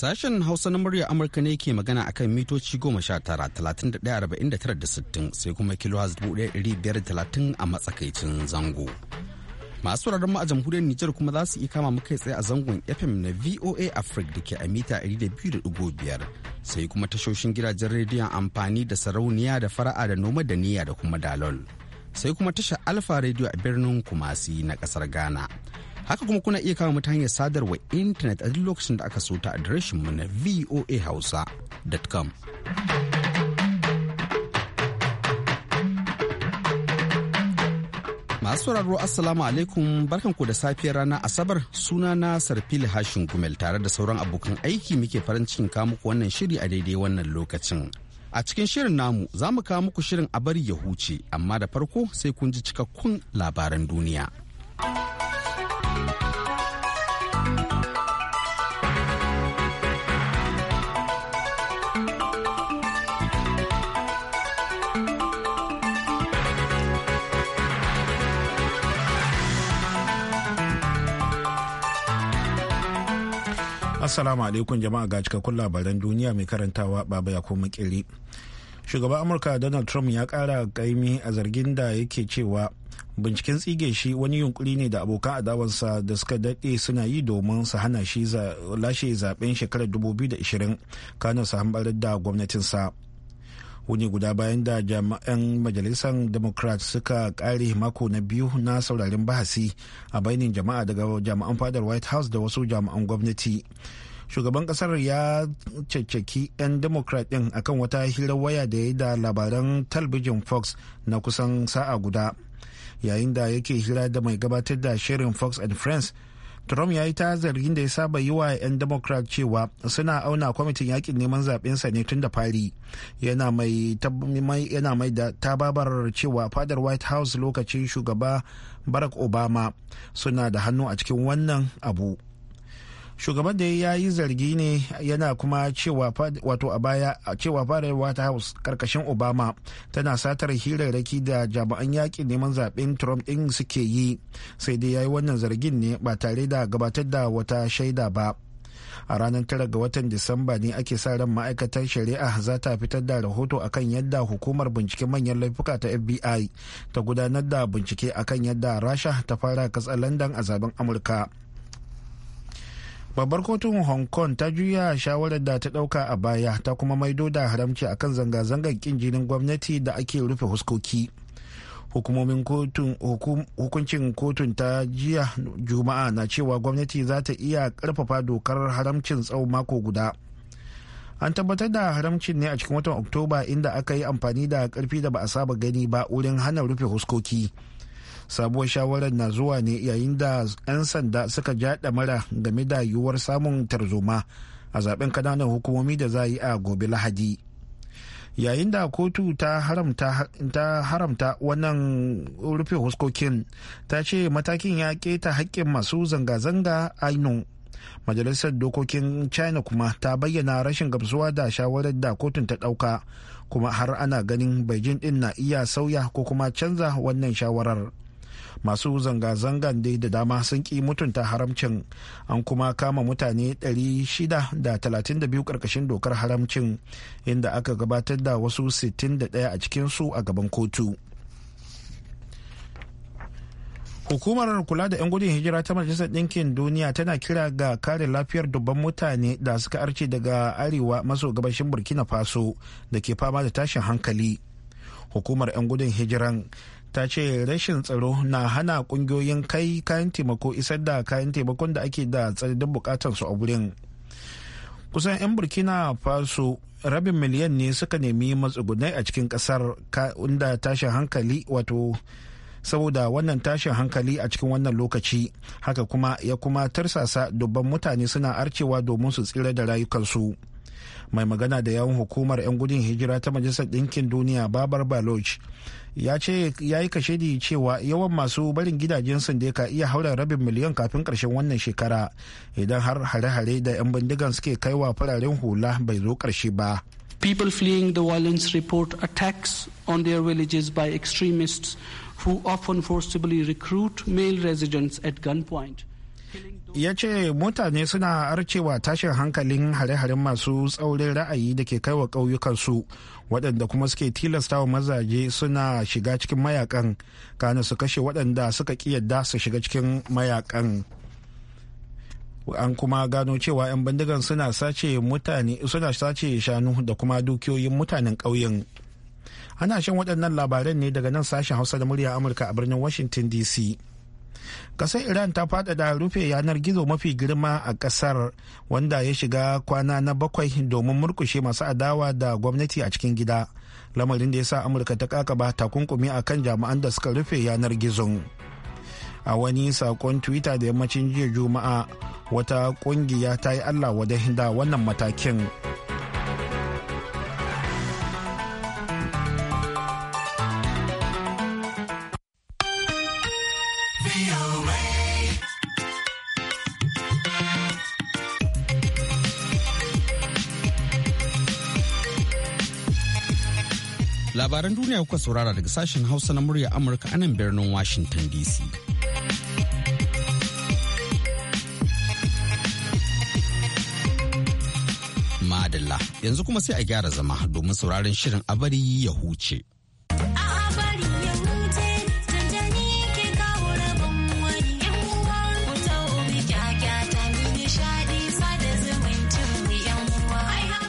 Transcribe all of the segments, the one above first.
Sashen Hausa na murya Amurka ne ke magana akan mitoci goma sha tara talatin da daya arba'in da tara da sittin sai kuma kilo dubu daya ɗari biyar talatin a matsakaicin zango. Masu wuraren mu a jamhuriyar Nijar kuma za su iya kama mu tsaye a zangon FM na VOA Africa da ke a mita ɗari da biyu da ɗigo biyar sai kuma tashoshin gidajen rediyon amfani da sarauniya da fara'a da noma da niyya da kuma dalol. Sai kuma tasha Alfa Radio a birnin Kumasi na ƙasar Ghana. Haka kuma kuna iya kama mutane hanyar sadarwa intanet a duk lokacin da aka so ta adireshin mu na voahausa.com. Masu sauraro Assalamu alaikum barkanku da safiyar rana Asabar suna na Sarfil Hashin Gumel tare da sauran abokan aiki muke farin cikin kawo muku wannan shiri a daidai wannan lokacin. A cikin shirin namu za mu kawo muku shirin a bari ya huce amma da farko sai kun ji cikakkun labaran duniya. Assalamu alaikum jama'a ga cikakkun labaran duniya mai karantawa baba ya koma kiri. Shugaban Amurka Donald Trump ya kara kaimi a zargin da yake cewa binciken tsige shi wani yunkuri ne da abokan adawansa da suka daɗe suna yi domin su hana shi lashe zaben shekarar 2020 kanin su hambarar da gwamnatinsa. sa. wuni guda bayan da jami'an majalisar democrat suka kare mako na biyu na sauraren bahasi a bainin jama'a daga jami'an fadar white house da wasu jami'an gwamnati shugaban kasar ya caccaki 'yan democrat din akan wata hirar waya da ya da labaran talbijin fox na kusan sa'a guda yayin da yake hira da mai gabatar da shirin fox and friends Trump ya yi ta zargin da ya saba yi wa 'yan Democrat cewa suna auna kwamitin yakin neman sa ne tun da fari. Yana mai da tababar cewa fadar White House lokacin shugaba Barack Obama suna da hannu a cikin wannan abu. shugaban da ya yi zargi ne yana kuma cewa wato a baya cewa fadar white house karkashin obama tana satar hirarraki da jami'an yakin neman zaben trump din suke yi sai dai ya yi wannan zargin ne ba tare da gabatar da wata shaida ba a ranar tara ga watan disamba ne ake sa ran ma'aikatar shari'a za ta fitar da rahoto akan yadda hukumar binciken manyan laifuka ta fbi ta gudanar da bincike akan yadda rasha ta fara katsa landan a zaben amurka babbar kotun hong kong ta juya shawarar da ta dauka a baya ta kuma maido da haramci akan zanga-zangar kin jinin gwamnati da ake rufe huskoki hukumomin kotun hukuncin kotun ta jiya juma'a na cewa gwamnati za ta iya karfafa dokar haramcin tsawon mako guda an tabbatar da haramcin ne a cikin watan oktoba inda aka yi amfani da karfi da ba a saba gani ba wurin hana rufe huskoki. sabuwar shawarar na zuwa ne yayin da 'yan sanda suka ja mara game da yiwuwar samun tarzoma a zaben kananan hukumomi da za yi a gobe lahadi yayin da kotu ta haramta, wannan rufe huskokin ta ce matakin ya keta haƙƙin masu zanga-zanga ainu majalisar dokokin china kuma ta bayyana rashin gamsuwa da shawarar da kotun ta ɗauka kuma har ana ganin beijing din na iya sauya ko kuma canza wannan shawarar masu zanga-zangan dai da dama sun ki mutunta haramcin an kuma kama mutane 632 karkashin dokar haramcin inda aka gabatar da wasu 61 a cikinsu a gaban kotu hukumar kula da 'yan gudun hijira ta majalisar ɗinkin duniya tana kira ga kare lafiyar dubban mutane da suka arce daga arewa maso gabashin burkina faso da ke fama da tashin hankali hukumar 'yan gudun hijiran ta ce rashin tsaro na hana kungiyoyin kai kayan taimako isar da kayan taimakon da ake da tsadadin su a wurin kusan 'yan burkina faso rabin miliyan ne suka nemi matsugunai a cikin kasar inda tashin hankali wato saboda wannan tashin hankali a cikin wannan lokaci haka kuma ya kuma tarsasa dubban mutane suna arcewa domin su tsira da rayukansu. mai magana da hukumar 'yan gudun hijira ta majalisar ɗinkin duniya babar baloch ya ce ya yi kashedi cewa yawan masu barin gidajen ka iya haura rabin miliyan kafin wannan shekara idan har hare-hare da 'yan bindigan suke kaiwa fararen hula bai zo ba people fleeing the violence report attacks on their villages by extremists who often forcibly recruit male residents at gunpoint ya ce mutane suna arcewa tashin hankalin hare-haren masu tsaurin ra'ayi da ke kaiwa ƙauyukansu waɗanda kuma suke tilastawa mazaje suna shiga cikin mayakan kana su kashe waɗanda suka ƙi yadda su shiga cikin mayakan an kuma gano cewa 'yan bindigan suna sace mutane suna sace shanu da kuma dukiyoyin mutanen ƙauyen ana shan waɗannan labaran ne daga nan sashen hausa da murya amurka a birnin washington dc kasar iran ta faɗaɗa rufe yanar gizo mafi girma a kasar wanda ya shiga kwana na bakwai domin murkushe masu adawa da gwamnati a cikin gida lamarin da ya sa amurka ta kakaba takunkumi a kan jami'an da suka rufe yanar gizon a wani sakon twitter da yammacin jiya juma'a wata kungiya ta yi allah wadahin da wannan matakin labaran duniya kuka saurara daga sashen Hausa na murya Amurka a nan birnin Washington DC. Madalla yanzu kuma sai a gyara zama domin sauraron shirin abari ya huce.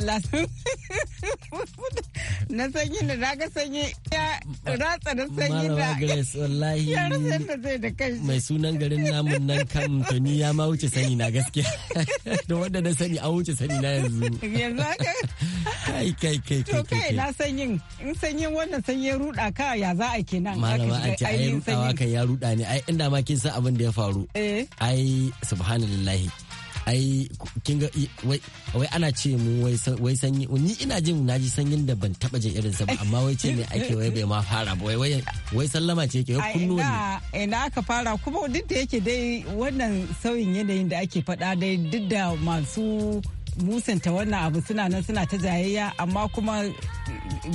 da na sanyi da na ga sanyi ya ratsa na sanyi da ya rasa yadda zai da kai mai sunan garin namun nan kan tuni ya ma wuce sani na gaskiya da wanda na sani a wuce sani na yanzu yanzu haka kai kai kai kai na sanyin in sanyin wannan sanyi ya ruda ka ya za a kenan malama an ce ai rudawa kai ya ruda ne ai inda ma kin san abin da ya faru eh. ai subhanallahi ai kin ga wai ana ce mu wai sanyi ni ina jin na ji sanyin da ban taba jin irin sa ba amma wai ce ne ake wai bai ma fara ba wai wai sallama ce yake kullu ne ina ka fara kuma duk da yake dai wannan sauyin yanayin da ake faɗa dai duk da masu musanta wannan abu suna nan suna ta jayayya amma kuma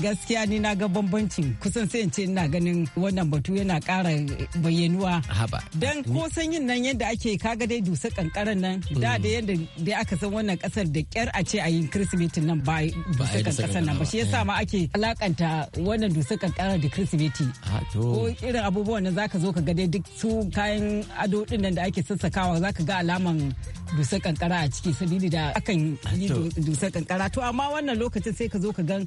gaskiya ni na ga bambancin kusan sai in ce ina ganin wannan batu yana kara bayyanuwa haba dan ko san yin nan yadda ake kaga dai dusa kankaran nan da da yadda dai aka san wannan kasar da kyar a ce a yin kirsimetin nan ba dusa kankaran nan ba shi yasa ma eh. ake alakanta wannan dusa kankaran da kirsimeti ko irin abubuwan nan zaka zo ka ga dai duk su kayan ado din nan da ake sassakawa zaka ga alaman dusar kankara a ciki sabili da akan yi dusar kankara to amma wannan lokacin sai ka zo ka gan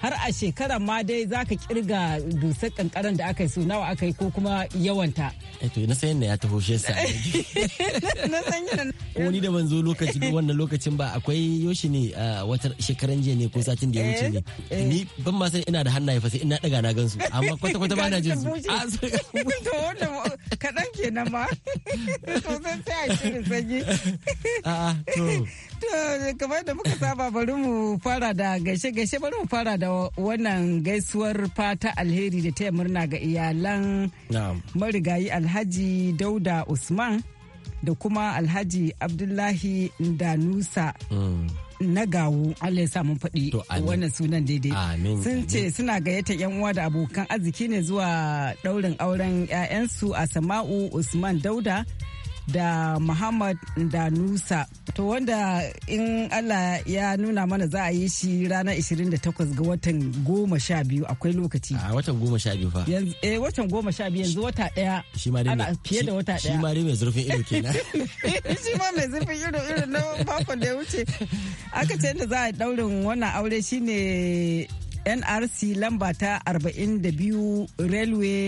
har a shekarar ma dai za ka kirga dusar kankaran da aka yi su nawa aka yi ko kuma yawanta. Eto eh, na sayan na ya taho shi yasa. Na sayan Wani da manzo lokaci wannan lokacin ba akwai yoshi ne a wata shekaran jiya ne ko satin da ya wuce ne. Eh, eh. Ni ban ma san ina da hannaye fa sai ina daga na gansu amma kwata kwata ba na jin su. Ah, to wannan kaɗan kenan ma. To sai a shirin sanyi. A'a to. kamar da muka saba bari mu fara da gaishe-gaishe bari mu fara da wannan gaisuwar fata alheri da taya murna ga iyalan marigayi alhaji dauda usman da kuma alhaji abdullahi danusa mm. na gawo Allah ya sa mun faɗi wannan sunan daidai sun ce suna gayyata yan uwa da abokan arziki ne zuwa ɗaurin auren 'ya'yansu a sama'u usman dauda da Muhammad Danusa. To wanda in Allah ya nuna mana za a yi shi ranar 28 ga watan goma sha biyu akwai lokaci. A watan goma sha biyu fa. Eh watan goma sha biyu yanzu wata ɗaya. Shi ma dai fiye da wata daya. Shi ma mai zurfin ido kenan. Shi ma mai zurfin ido ido na bakon da ya wuce. Aka ce yadda za a daurin wannan aure shine NRC lamba ta 42 Railway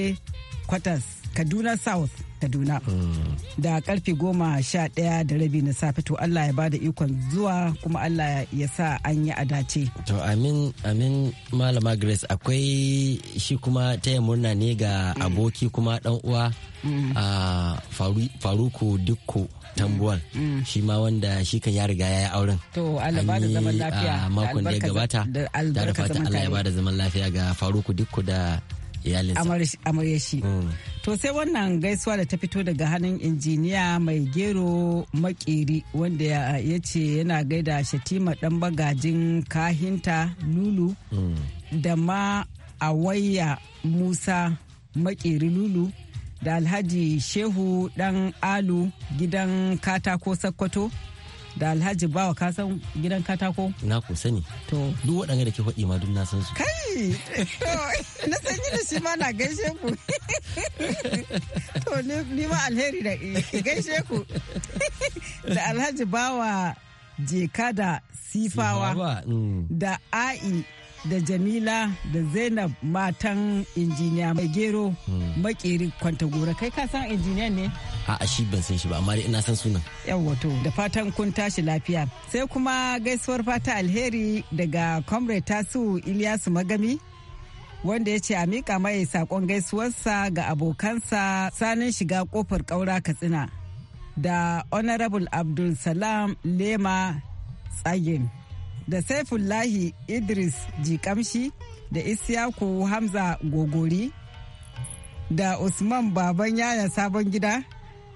Quarters. kaduna south kaduna da karfe goma sha ɗaya da rabi na safe to allah ya bada ikon zuwa kuma allah ya sa an yi a dace to amin amin malama grace akwai shi kuma taya murna ne ga mm. aboki kuma dan uwa mm. a faruku dukko tambuwal mm. shi ma wanda shi kan ya riga ya yi auren to allah ba da zaman lafiya makon da ya gabata da fata allah ya ba da zaman lafiya ga faruku dukko da amarya shi mm. to sai wannan gaisuwa da ta fito daga hannun injiniya mai gero makeri wanda ya ce yana gaida shatima dan bagajin kahinta lulu mm. da ma awayya musa makeri lulu da alhaji shehu dan alu gidan katako sakkwato da alhaji bawa ka san gidan katako na ku sani to duk waɗanda da ke faɗi ma duk na san su kai na san da shi ma na gaishe ku to ni ma alheri da gaishe ku da alhaji bawa jeka da sifawa mm. da a'i da jamila da zainab matan injiniya mai gero hmm. makeri kwantagora kai ka san injiniya ne a shi ban san shi ba amma ina san sunan yawa to da fatan kun tashi lafiya sai kuma gaisuwar fata alheri daga comrade tasu iliyasu magami wanda ya ce a miƙa mai saƙon gaisuwarsa ga abokansa sanin shiga ƙofar ƙaura katsina da honorable abdul salam lema tsagin da saifullahi idris jikamshi da isyaku hamza gogori da usman baban yaya sabon gida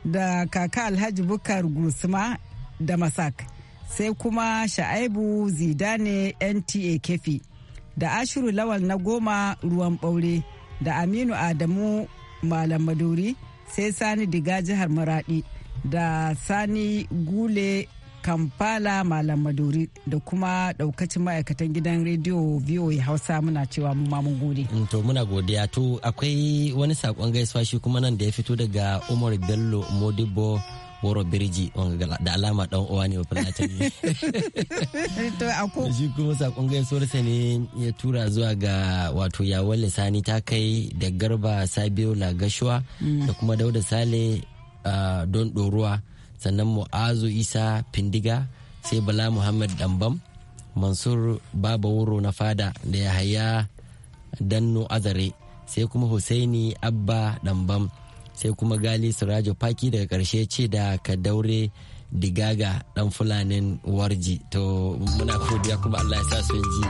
da kaka alhaji bukar gusma da masak sai kuma sha'aibu zidane nta kefi da ashiru lawal na goma ruwan ɓaure da aminu adamu malam maduri sai sani diga jihar maradi da sani gule Kampala Malam Maduri da kuma daukacin ma'aikatan gidan rediyo VOA Hausa muna cewa mu ma mun gode. Mm, to muna godiya to akwai wani sakon gaisuwa shi kuma nan da ya fito daga Umar Bello Modibo woro Birji da alama dan uwa ne ne. To Shi kuma sakon gaisuwarsa ne ya tura zuwa ga wato yawon lisani ta kai da garba Sabiu gashuwa mm. da kuma Dauda Sale ah, don ɗoruwa. sannan mu'azu isa findiga sai bala muhammad dambam mansur baba wuro na fada da ya haya dannu azare sai kuma husaini abba dambam sai kuma gali surajo paki daga karshe ce da ka daure digaga dan fulanin warji to muna godiya kuma allah ya sa sun ji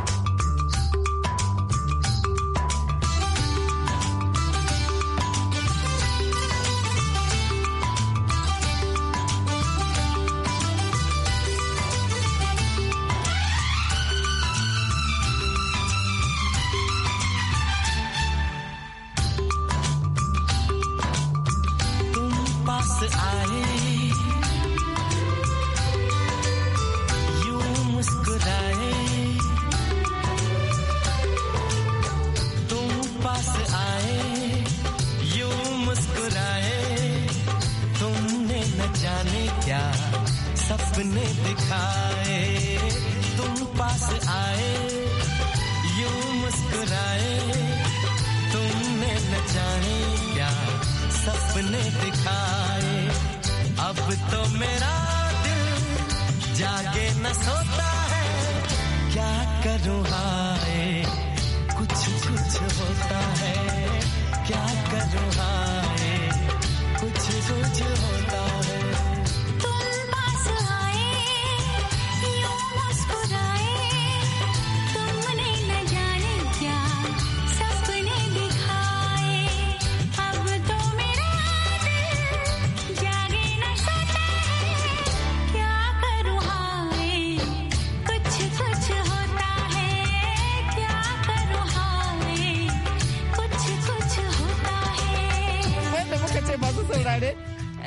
saurare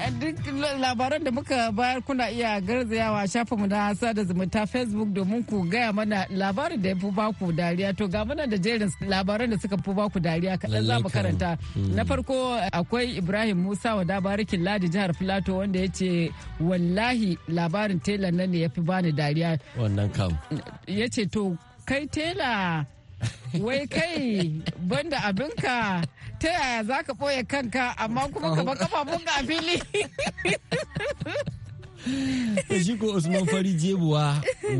eh, duk labaran da muka bayar kuna iya garzayawa shafinmu na sada zumunta facebook domin ku gaya mana labarin da ya fi baku dariya to ga mana da jerin labaran da suka fi baku dariya kaɗan za mu karanta mm. na farko akwai ibrahim musa wa dabarikin ladi jihar filato wanda ya ce wallahi labarin telan nan ne ya fi bani dariya wannan kam ya ce to kai tela wai kai banda abinka ta yaya za ka ɓoye kanka amma kuma ka ba kafafunka a fili shi ko usman fari jebuwa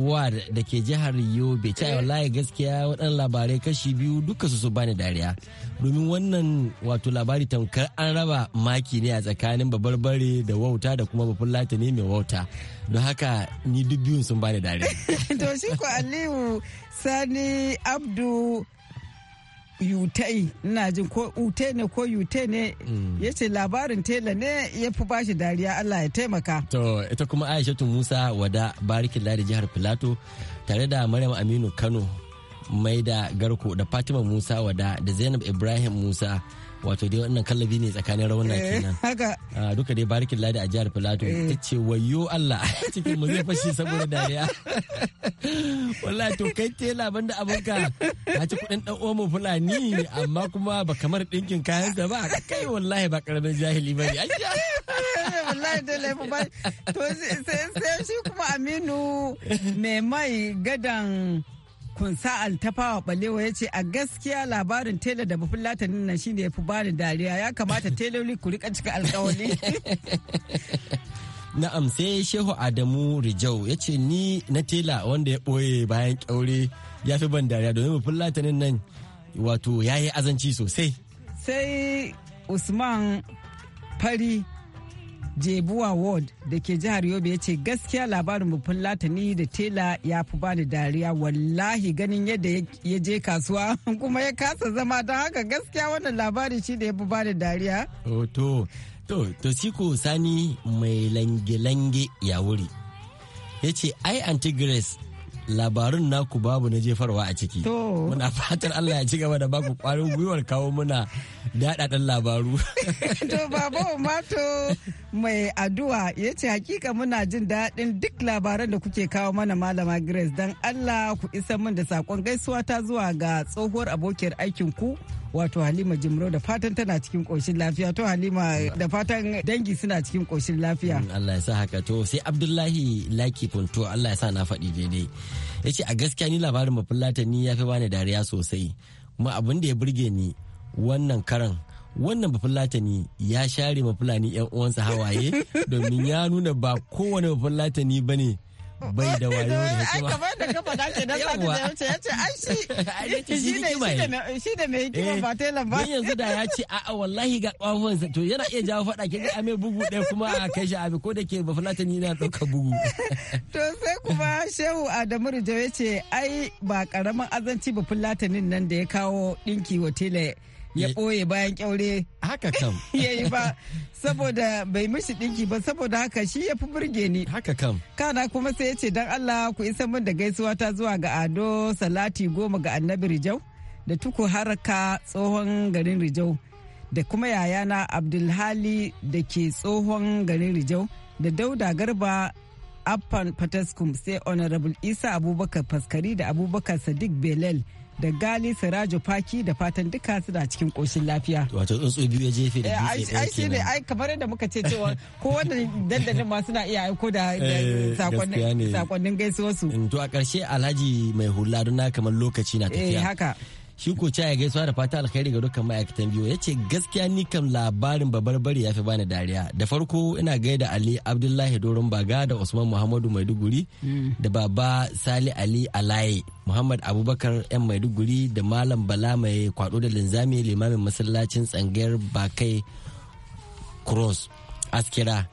ward da ke jihar yobe ta wallahi gaskiya waɗannan labarai kashi biyu duka su su bani dariya domin wannan wato labari tamkar an raba maki ne a tsakanin babarbare da wauta da kuma babban latani mai wauta don haka ni duk biyun sun bani dariya to shi ko aliyu sani abdu yutai ina jin ko utai ne ko yutai ne hmm. ya ce labarin tela ne ya fi bashi dariya Allah ya taimaka. To ita kuma Aishatu Musa wada barikin ladi jihar Filato tare da Maryam Aminu Kano mai da garko da Fatima Musa wada da Zainab Ibrahim Musa wato dai wannan kallabi ne tsakanin rauna eh, kenan haka ah, duka dai barikin ladi a jihar filato eh. ta ce wayo Allah cikin mu zai fashi saboda dariya wallahi to kai te tela da abinka ka ci kudin dan omo fulani amma kuma ba kamar dinkin kayan da ba kai wallahi ba karamin jahili bane ayya eh, wallahi da laifi ba to sai shi kuma Aminu mai mai gadan kunsa'al altafawa fawa balewa ya ce a gaskiya labarin tela da bafin latanin nan shine ya fi bani dariya ya kamata teloli ku rika cika alkawali na'am sai shehu adamu rijau ya ce ni na tela wanda ya ɓoye bayan kyaure ya fi ban dariya domin bafin latanin nan wato ya yi azanci sosai sai usman fari jebuwa ward da ke jihar yobe ya ce gaskiya labarin bufin latani da tela ya fi bani dariya wallahi ganin yadda ya je kasuwa kuma ya kasa zama don haka gaskiya wannan labari shi da ya fi bani dariya to to to siko sani mai lange-lange ya wuri ya ce ai anti labarun naku babu na jefarwa a ciki. Muna fatar Allah ya ci gaba da baku kwarin gwiwar kawo muna daɗaɗɗen labaru. To babu Mato mai addu'a ya ce hakika muna jin daɗin duk labaran da kuke kawo mana malama Grace don Allah ku isa mun da saƙon gaisuwa ta zuwa ga tsohuwar abokiyar aikin ku wato Halima Jimro da fatan tana cikin koshin lafiya to Halima da fatan dangi suna cikin koshin lafiya. Mm, Allah ya sa haka to sai Abdullahi Laki Punto Allah ya sa na faɗi daidai. Ya ce a gaskiya ni labarin mafulata ni ya fi bani dariya sosai kuma abin da ya burge ni wannan karan wannan bafulatani ya share mafulani yan uwansa hawaye domin ya nuna ba kowane latani ba ne bai da wayo da hikima. Kamar da ka faɗa ke da ya ce ai shi shi ne shi da mai hikima eh, ba ba. yanzu da ya ce a'a wallahi ga kwafonsa to yana iya jawo faɗa ke ga ame bugu ɗaya kuma a kai shi abi ko da ke ba ni na ɗauka bugu. To sai kuma Shehu Adamu Rijau ya ce ai ba ƙaramin azanci ba fulatanin nan da ya kawo ɗinki wa tele ya ɓoye bayan ƙyaure haka kam ya yi ba saboda bai mishi ɗinki ba saboda haka shi ya fi burge ni haka kam kana kuma sai ya ce don allah ku isa min da gaisuwa ta zuwa ga ado salati goma ga annabi rijau da tuku haraka tsohon garin rijau da kuma yayana abdulhali da ke tsohon garin rijau da dauda garba appan Fataskum sai Honorable Isa Abubakar Faskari da Abubakar Sadiq Belal da gali sirajo faki da fatan duka suna cikin koshin lafiya wato tsuntsu biyu ya jefe da eh, ai shi ne ai kamar yadda muka ce cewa ko wannan dandalin ma suna iya aiko da eh, sakonnin gaisuwarsu mm, to a karshe alhaji mai hula don na kamar lokaci na eh, tafiya haka shi ko ya gaisuwa da fata alkhairi ga dukkan ma'aikatan biyu ya ce gaskiya ni kan labarin babarbari ya fi bani dariya da farko ina gaida ali abdullahi doron baga da usman muhammadu maiduguri mm. da baba sali ali alaye muhammad abubakar yan maiduguri da malam bala mai kwado da linzami limamin masallacin tsangayar bakai cross askira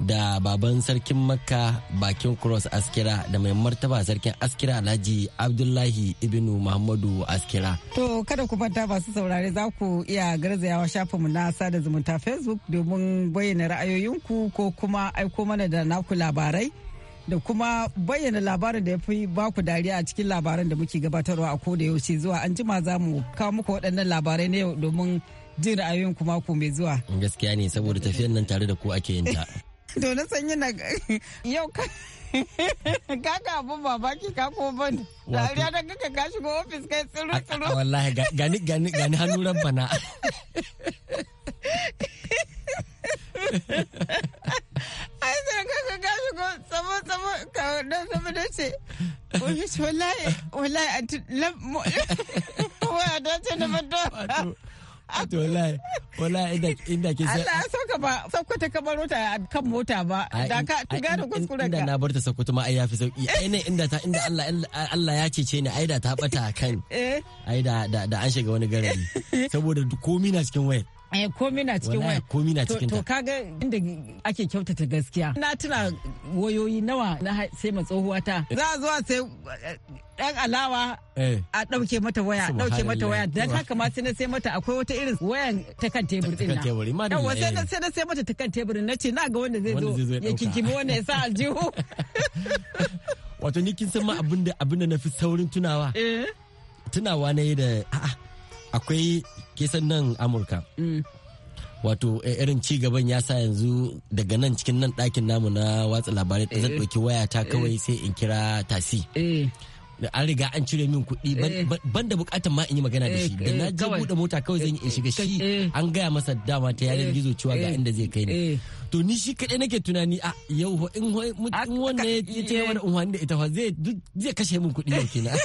da baban sarkin makka bakin cross askira da mai martaba sarkin askira alhaji abdullahi ibnu muhammadu askira to kada ku manta masu saurare za ku iya garzayawa shafinmu na sada zumunta facebook domin bayyana ra'ayoyinku ko kuma aiko mana da naku labarai da kuma bayyana labarin da ya fi baku dariya a cikin labaran da muke gabatarwa a koda yaushe zuwa an jima za mu kawo muku waɗannan labarai na yau domin jin ra'ayoyinku ku mako mai zuwa gaskiya ne saboda tafiyan nan tare da ku ake yin ta to na san yana yau ka kaka abun babaki ka ko ban dariya da kaka ka shigo ofis kai tsiru tsiro wallahi gani gani gani hannu ran bana ai sai ka ka shigo tsamo tsamo ka dan tsamo da ce wallahi wallahi a tu wa da ce na mato to wallahi wallahi inda inda ke sai Allah sauka ba sauka ka baro ta kan mota ba da ka gane kuskuren ka inda na bar ta saukata ma ai yafi sauki ai ne inda ta inda Allah Allah ya cece ni ai da ta bata kan eh. ai da da an shiga wani garari saboda komi na cikin wayar eh komi na cikin waya komi na cikin to kaga inda ake kyautata gaskiya na tuna wayoyi nawa na sai ma tsohuwa ta za a zuwa sai dan eh, alawa eh. a dauke mata waya dauke mata waya dan haka ma sai na sai mata akwai wata irin wayan ta kan tebur din na dan sai na eh. sai na sai mata ta kan tebur na ce na ga wanda zai zo ya kinkimi wanda ya sa aljihu wato ni kin san ma abinda abinda na fi saurin tunawa tunawa na yi da a'a akwai kisan nan amurka mm. wato eh, irin ci gaban ya sa yanzu daga nan cikin nan ɗakin namu na watsa labarai zan eh. ɗauki ta eh. kawai sai in kira tasi an riga an cire min kuɗi ban da bukatar ma in yi magana da shi da na je buɗe mota kawai zan yi in shiga shi an gaya masa dama ta yanar gizo cewa ga inda zai kai ni to ni shi kaɗai nake tunani a yau in wannan ya ce wani unhani da ita fa zai kashe min kuɗi yau kenan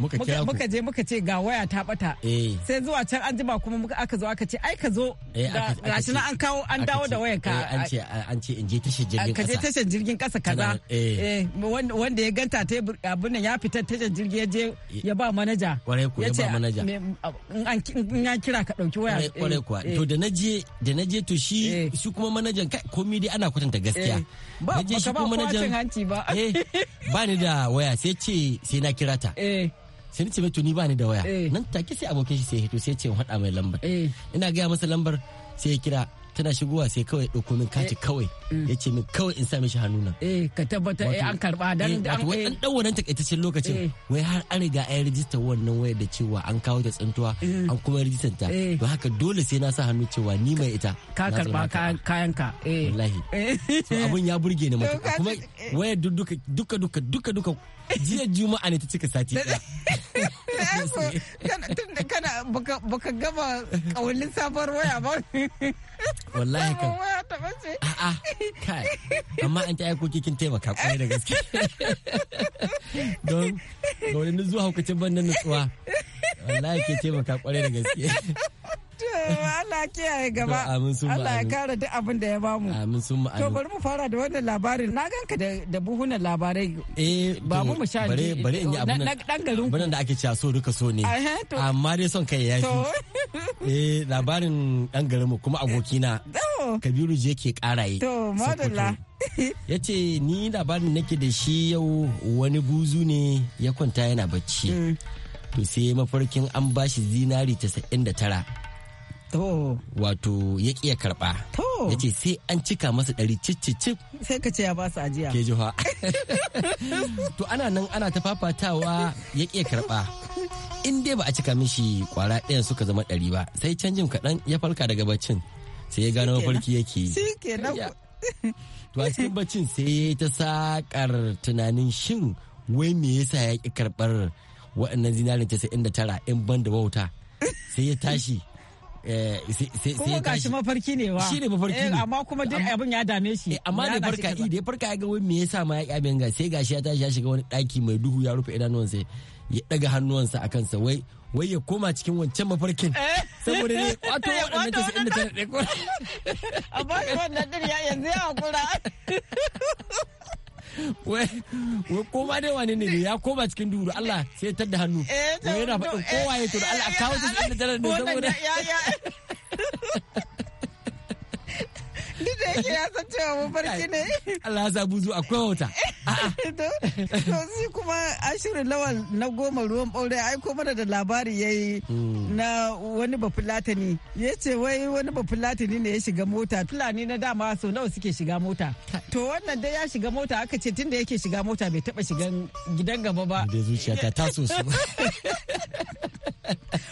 muka je muka ce ga waya ta bata eh. sai zuwa can an jima kuma muka aka zo aka ce ai ka zo eh, ga shi na an kawo an dawo da wayar ka eh, an ce in je tashar jirgin kasa ka je tashar jirgin kasa kaza wanda ya ganta ta abin ya fita tashar jirgin ya je ya ba manaja kwarai ku ya ba manaja in an kira ka dauki waya kwarai ku to da naje da naje to shi shi kuma manajan kai komai dai ana kwatanta gaskiya ba ka ba kuma hanci ba ba ni da waya sai ce sai na kira ta sai ni ce mai to ni bani da waya eh. nan take sai abokin shi sai hito sai ce in hada mai lambar eh. ina gaya masa lambar sai ya kira tana shigowa sai kawai dauko min kati eh. kawai mm. ya ce min kawai in sa mishi hannu nan. Eh ka tabbata eh an karba dan dan wai an dan wannan takaitaccen lokacin wai har an riga an rijista wannan wayar da cewa an kawo ta tsintuwa an kuma rijistar ta don haka dole sai na sa hannu cewa ni mai ita ka karba kayan ka eh wallahi to abun ya burge ni matuƙa kuma wayar duka duka duka duka duka jiya juma'a ne ta cika sati ɗaya kana baka gama kawalin sabuwar waya ba wallahi kan ta bace a'a kai amma an ta aiko kikin taimaka kwaye da gaske don ga wani zuwa hukacin ban nan nutsuwa wallahi ke taimaka kwaye da gaske Allah kiyaye gaba. Allah ya kara duk abin da ya bamu. Amin sun ma'amin. To bari mu fara da wannan labarin. Na ganka da buhunan labarai. Eh ba mu mu sha bare bare in yi abin nan. Dan garin. Abin da ake cewa so duka so ne. Amma dai son kai ya fi. Eh labarin dan garin mu kuma abokina. Kabiru je ke karaye. To madalla. ya ce ni labarin nake da shi yau wani buzu ne ya kwanta yana bacci. Mm. To sai mafarkin an bashi zinari tara. wato ya karɓa ya ce sai an cika masa ɗari cicicip sai ka ce ya ba su ajiya ke juha to ana nan ana ta fafatawa ya karɓa in dai ba a cika mishi kwara ɗayan suka zama ɗari ba sai canjin kaɗan ya farka daga baccin sai ya gano farki yake to a cikin baccin sai ta sakar tunanin shin wai me yasa ya ƙi karɓar waɗannan zinarin 99 in ban da wauta sai ya tashi Eh, kuma ga shi mafarki ne wa shi ne mafarki eh, ne amma kuma dai abin ya dame shi eh, amma da farka yi da farka ya ga wai me yasa ma ya kya benga sai shi ya tashi ya shiga wani daki mai duhu ya rufe idanuwansa ya daga hannuwansa a kansa wai wai ya koma cikin wancan mafarkin saboda ne kwato waɗannan ta inda ta daɗe ko amma wannan din ya yanzu ya hakura wai koma dai wani ne ya koma cikin duru Allah sai tadda hannu eh, yana faɗin kowa ya eh, to Allah a kawo su eh, cikin da saboda Duk da yake ya san cewa mu barci ne. Allah ya sa zuwa akwai wata. To shi kuma ashirin lawal na goma ruwan ɓaure aiko mana da labari ya yi hmm. na wani bafulatani. Ya ce wai wani bafulatani ne ya shiga mota. Fulani na dama so nawa suke shiga mota. To wannan dai ya shiga mota aka ce tunda yake shiga mota bai taba shigan gidan gaba ba. Da zuciya ta taso su.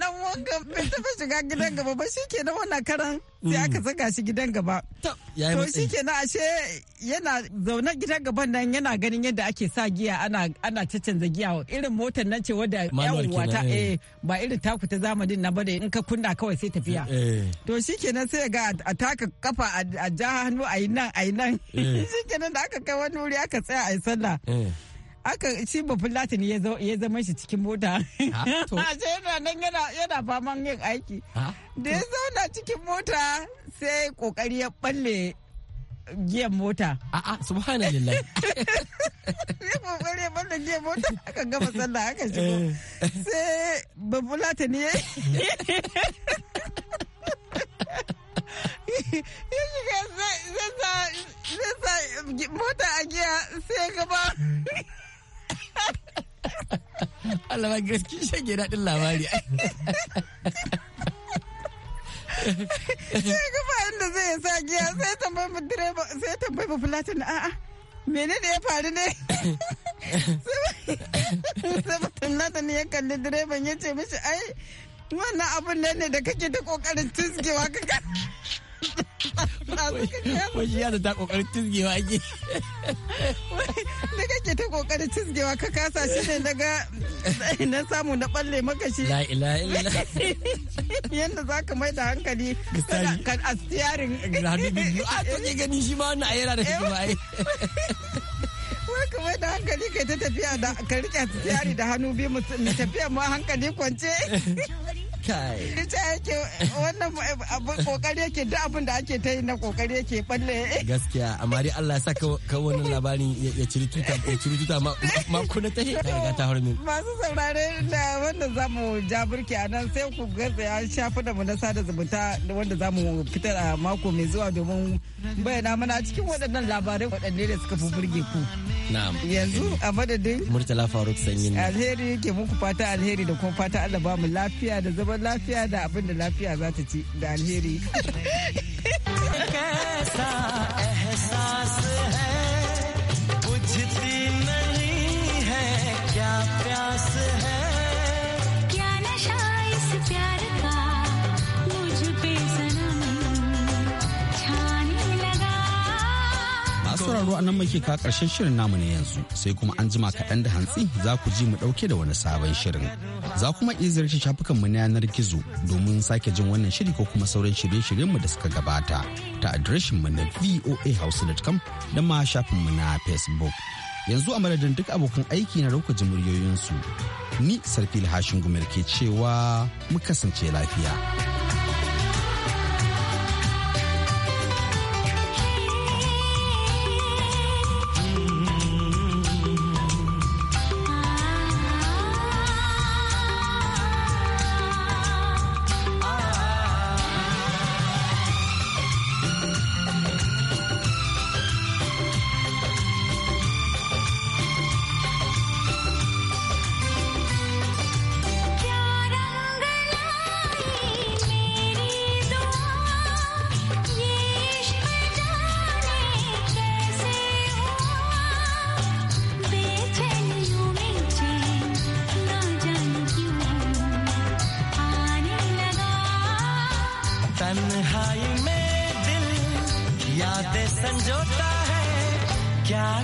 dan wanga bai taba shiga gidan gaba ba shikenan wannan karan sai mm. aka saka shi gidan gaba to shikenan ashe yana zaune gidan gaban nan yana ganin yadda ake sa giya ana ana canza giya irin motar nan ce wadda yawuwa ta eh. eh ba irin taku ta zamanin na ba in ka kunna kawai sai tafiya eh, eh. to shikenan sai ga a taka kafa a ja hannu a yi nan a yi nan shikenan da aka kai wani wuri aka tsaya a yi sallah aka ci ba latin ya zama shi cikin mota sai yana nan yana faman yin aiki da ya zauna cikin mota sai kokari ya balle giyan mota a'a subhanallah ya kokari ya balle giyan mota aka gama sallah aka shigo eh. sai ba latin ya ya shiga zai sa mota a giya sai gaba Allah gaskiya shage daɗin labari. Sai ga fa inda zai sa giya sai tambayi mu direba sai tambayi mu fulatin a'a menene ya faru ne? Sai ne ya kalli direban ya ce mishi ai wannan abun nan ne da kake ta kokarin tisgewa ka ka. Wai shi ya ta kokarin tisgewa ake. kake ta kokarin cizgewa ka kasa shi ne daga na samu na balle maka shi la ila ila yanda za ka mai da hankali kan a steering a to ke gani shi ma wannan ayyara da shi ba ai kamar da hankali kai ta tafiya da ka rike tsari da hannu biyu mu tafiya ma hankali kwance kai ita yake wannan abin kokari yake duk abin da ake ta yi na kokari yake balle gaskiya amma dai Allah ya sa ka wannan labarin ya ciri tuta ya ciri tuta ma ko na tahi ta riga ta hurmi masu saurare da wannan zamu jabirki a nan sai ku gaza ya shafi da mu na sada zumunta wanda zamu fitar a mako mai zuwa domin bayyana mana cikin waɗannan labarai waɗanne da suka fi burge ku na'am yanzu a madadin murtala faruk sanyin alheri yake muku fata alheri da kuma fata Allah ba mu lafiya da zama zaman lafiya da abin da lafiya za ta ci da alheri. sauraro a nan muke ka karshen shirin namu ne yanzu sai kuma an jima kaɗan da hantsi za ku ji mu ɗauke da wani sabon shirin. Za kuma iya ziyarci shafukan mu na yanar gizo domin sake jin wannan shiri ko kuma sauran shirye-shiryen mu da suka gabata ta adireshin mu na voahouse.com da ma shafin mu na Facebook. Yanzu a madadin duk abokan aiki na rauka muryoyinsu. Ni Sarfil Hashin Gumar ke cewa mu kasance lafiya.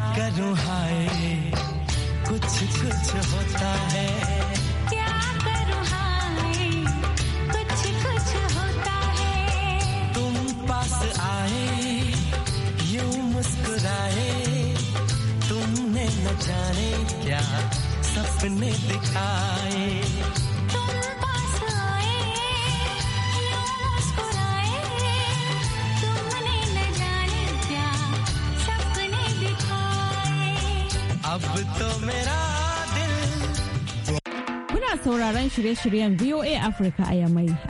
करूं हाय कुछ कुछ होता है क्या करूं हाय कुछ कुछ होता है तुम पास आए यूं मुस्कुराए तुमने न जाने क्या सपने दिखाए shirye-shiryen VOA Africa a Yamai